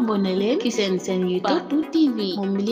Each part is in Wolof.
abonné leen ci seen seen Partout TV moom mi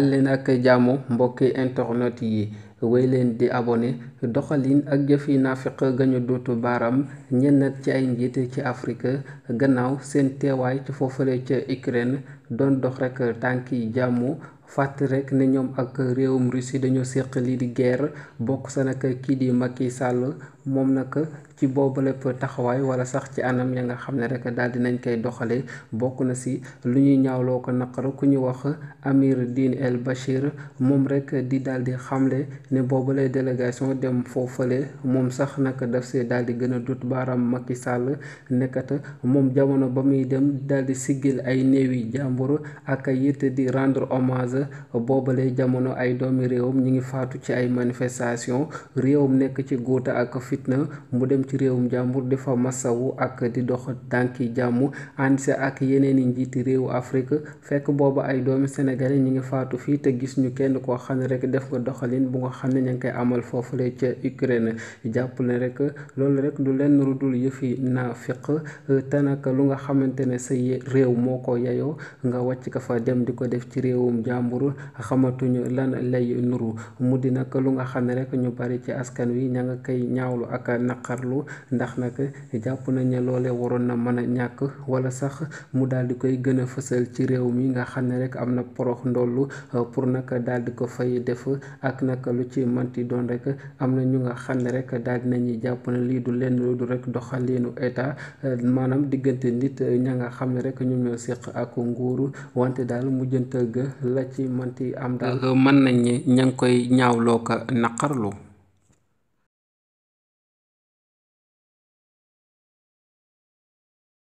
leen euh, jàmm mbokki internet yi wéy leen di abonné doxalin ak jëfi naafiq gañu duutu baram ñennat ci ay njiit ci Afrique gannaaw seen teewaay ci foofale ca Ukraine doon dox rek tànk yi jàmmu fàtt rek ne ñoom ak réewum Russie dañoo séq lii di guerre bokk sa nag kii di Macky sàll moom nag ci boobu lépp taxawaay wala sax ci anam ya nga xam ne rek daal nañ koy doxalee bokk na si lu ñuy ñaawloo ko naqar ku ñu wax Amir Dine El Bachir moom rekk di daal di xamle ne boobule délégation dem foofale moom sax nag daf se daal di gën a dut baaraam Macky Sall nekkat moom jamono ba muy dem daal siggil ay néew yi Tambadou ak di rendre hommage boobale jamono ay doomi réewam ñi ngi faatu ci ay manifestation mu nekk ci góota ak fitna mu dem ci réewum jàmbur di fa masawu ak di dox tànki jàmm ànd ak yeneen i njiiti réewu Afrique fekk booba ay doomi sénégalais ñi ngi faatu fii te gis ñu kenn koo xam ne rek def nga doxalin bu nga xam ne ña koy amal foofule ca Ukraine jàpp ne rek loolu rek du lenn lu dul yëfi naafiq te nag lu nga xamante ne sa réew moo ko yayoo nga wàcc ka fa dem di ko def ci réewum jàmbur xamatuñu lan lay nuru mu di nag lu nga xam ne rekk ñu bari ci askan wi ña nga koy ñaawlu ak naqarlu ndax nag jàpp nañ ne loole waroon na mën a ñàkk wala sax mu daal di koy gën a fësal ci réew mi nga xam ne rek am na porox ndollu pour nag daal di ko fay def ak nag lu ci mënti doon rek am ñu nga xam ne rek daal di jàpp ne lii du lenn lu du rek doxaliinu état maanaam diggante nit ña nga xam ne rek ñoom ñoo séq ak nguur dund wante daal mujjante ga la ci manti am daal euh, mën nañ ña ngi koy ñaawloo ko naqarlu